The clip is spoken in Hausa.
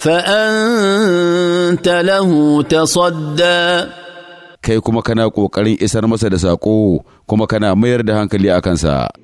فأنت ta تصدى kai kuma kana ƙoƙarin isar masa da saƙo kuma kana mayar da hankali a sa.